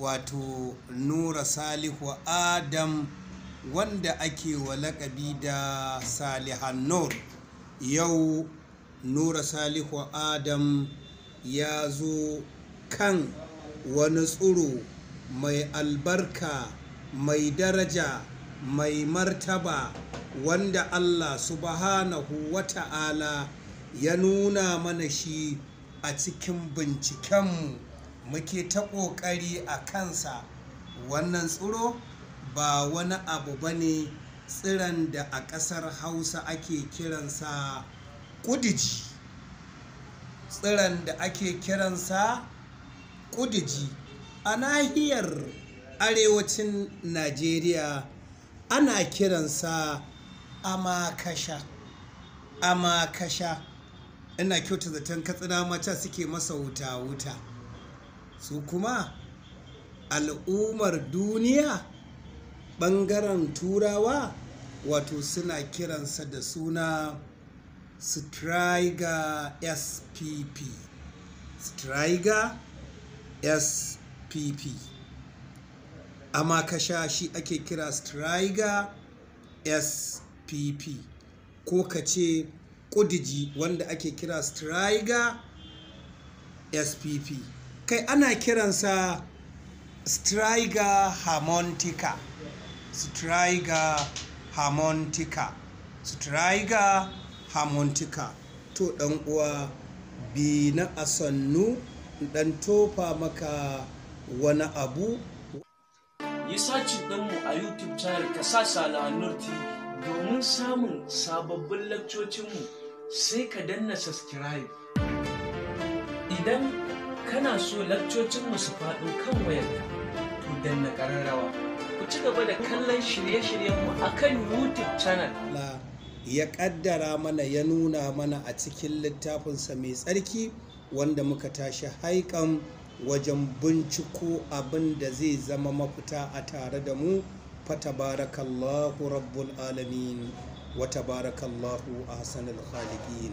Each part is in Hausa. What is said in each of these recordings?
wato nura salihu adam wanda ake wa laƙabi da salihan nur yau nura salihu adam ya zo kan wani tsuro mai albarka mai daraja mai martaba wanda allah subhanahu wata'ala ya nuna mana shi a cikin bincikenmu muke ta ƙoƙari a kansa wannan tsiro ba wani abu ba ne tsiran da a ƙasar hausa ake kiransa ƙudiji tsiran da ake kiransa ƙudiji a nahiyar arewacin najeriya ana kiransa amakasha amakasha ina kyauta zaton katsina mata suke masa wuta-wuta su kuma al'ummar duniya ɓangaren turawa wato suna kiransa da suna striga spp striga spp amma kasha shi ake kira striga spp ko ka ce kudiji wanda ake kira striga spp kai ana kiransa striga harmonica striga harmonica striga harmonica to dan uwa bi na asannu dan tofa maka wani abu yi saci ɗinmu a youtube channel ka sa salanur nurti domin samun sababbin lakcocinmu sai ka danna subscribe idan kana so lakcocinmu su faɗo kan wayarka to na ƙararrawa ku ci gaba da kallon shirye-shiryenmu a kan youtube channel ya ƙaddara mana ya nuna mana a cikin littafinsa mai tsarki wanda muka tashi haikan wajen binciko abin da zai zama mafita a tare da mu fatabarakallahu rabbul alamin wa tabarakallahu ahsanul khaliqin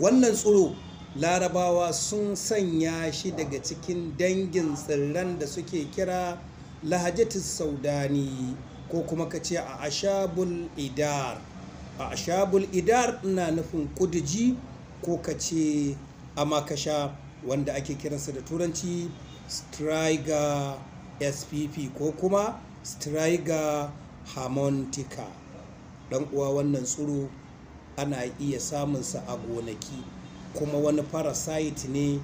wannan tsoro larabawa sun sanya shi daga cikin dangin tsirran da suke kira lahajatis saudani ko kuma ka ce a ashabul idar a ashabul idar na nufin kudiji ko ka ce amakasha wanda ake kiransa da turanci striga spp ko kuma striga harmonica dan uwa wannan tsiro ana iya samunsa a gonaki kuma wani parasite ne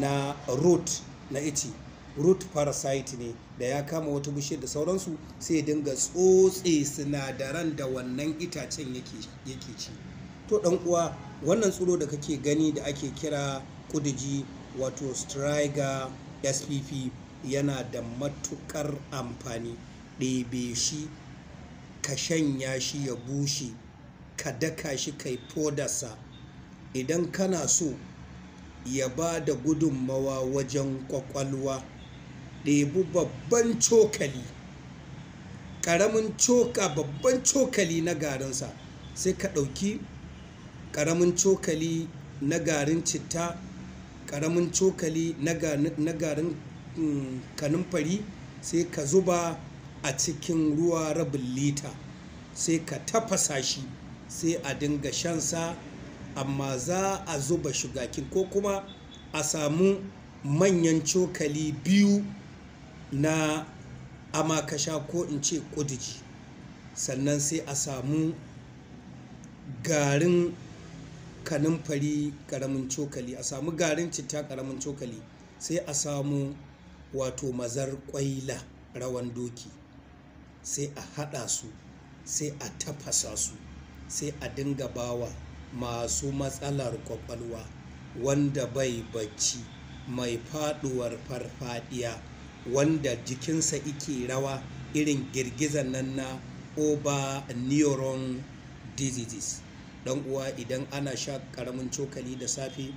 na root na iti, root parasite ne da ya kama wata bishiyar da sauransu sai dinga tsotse sinadaran da wannan itacen yake ci to dan uwa wannan tsiro da kake gani da ake kira kudiji wato striga spp yana da matukar amfani ɗebe shi ka shanya shi ya bushe ka daka shi kai podarsa idan kana so ya ba da gudunmawa wajen kwakwalwa ɗebi babban cokali ƙaramin coka babban cokali na garinsa sai ka ɗauki ƙaramin cokali na garin citta ƙaramin cokali na garin mm, kanumfari sai ka zuba a cikin ruwa rabin lita sai ka tafasa shi sai a dinga shansa amma za a zuba shugakin ko kuma a samu manyan cokali biyu na amakasha ko in ce kudiji sannan sai a samu garin kanumfari karamin cokali a samu garin citta karamin cokali sai a samu wato mazar kwaila rawan doki sai a hada su sai a tafasa su sai a dinga bawa masu matsalar kwakwalwa wanda bai bacci mai faduwar farfadiya wanda jikinsa ike rawa irin girgizan nan na over neuron diseases dan uwa idan ana sha karamin cokali da safe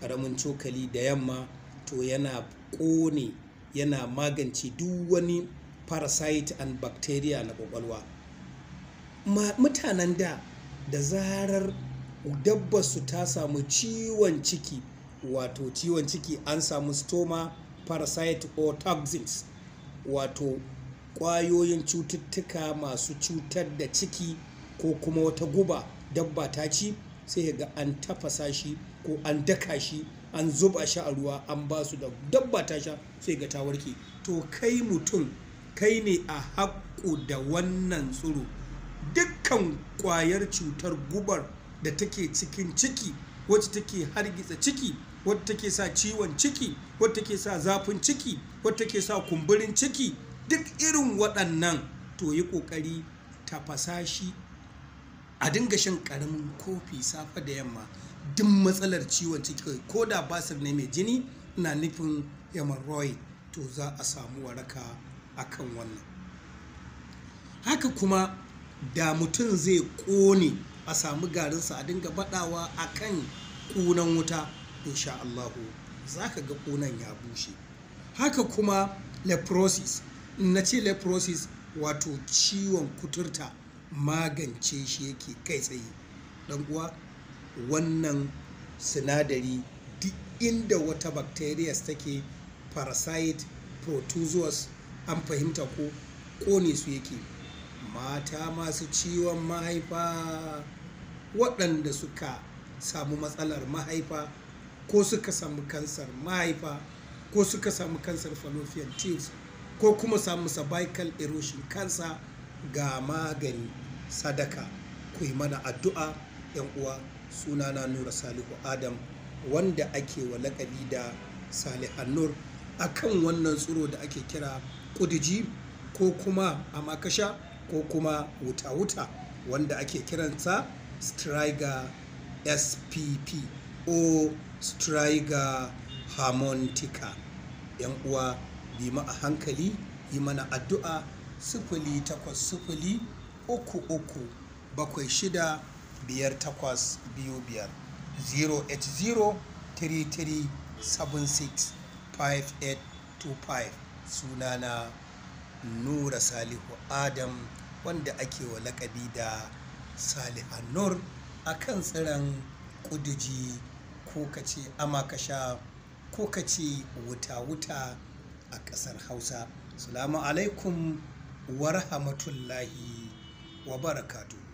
karamin cokali da yamma to yana kone yana magance duk wani parasite and bacteria na kwakwalwa mutanen da da zarar dabbar su ta samu ciwon ciki wato ciwon ciki an samu stoma parasite or toxins wato ƙwayoyin cututtuka masu cutar da ciki ko kuma wata guba dabba ta ci sai ga an tafasa shi ko an daka shi an zuba shi a ruwa an ba su da dabba ta sha sai ga ta warke to kai mutum kai ne a haƙƙo da wannan tsuro dukkan kwayar cutar gubar da take cikin ciki wacce take hargitsa ciki wacce take sa ciwon ciki wacce take sa zafin ciki wacce take sa kumburin ciki duk irin waɗannan to yi ƙoƙari tafasa shi a dinga shan karamin kofi safe da yamma duk matsalar ciwon ciki ko da basir ne mai jini na nufin hemorrhoid to za a samu waraka a kan wannan haka kuma da mutum zai ƙone a samu garinsa a dinga badawa a kan kunan wuta insha Allahu za ka ga kunan ya bushe haka kuma leprosis na ce leprosis wato ciwon kuturta magance shi yake kai tsaye don uwa wannan sinadari duk inda wata bacterias take parasite protozoas an fahimta ko kone su yake mata masu ciwon mahaifa waɗanda suka samu matsalar mahaifa ko suka samu kansar mahaifa ko suka samu kansar fallopian tubes ko kuma samu cervical erosion kansa ga magani sadaka ku yi mana addu'a yan uwa sunana nura salihu adam wanda ake wa lakabi da salihan nur kan wannan tsiro da ake kira kudiji ko kuma amakasha ko kuma wuta-wuta wanda ake kiransa striga spp o striga harmonica yan uwa bi mu a hankali yi mana addu'a sifili takwas sufuli uku uku bakwai shida biyar takwas biyu biyar 080 33 76 sunana nura salihu adam wanda ake wa lakabi da salihan nur a kan tsiron ƙudiji ko ka ce amakasha ko kace wuta-wuta a ƙasar hausa salamu alaikum wa rahmatullahi wa barakatuh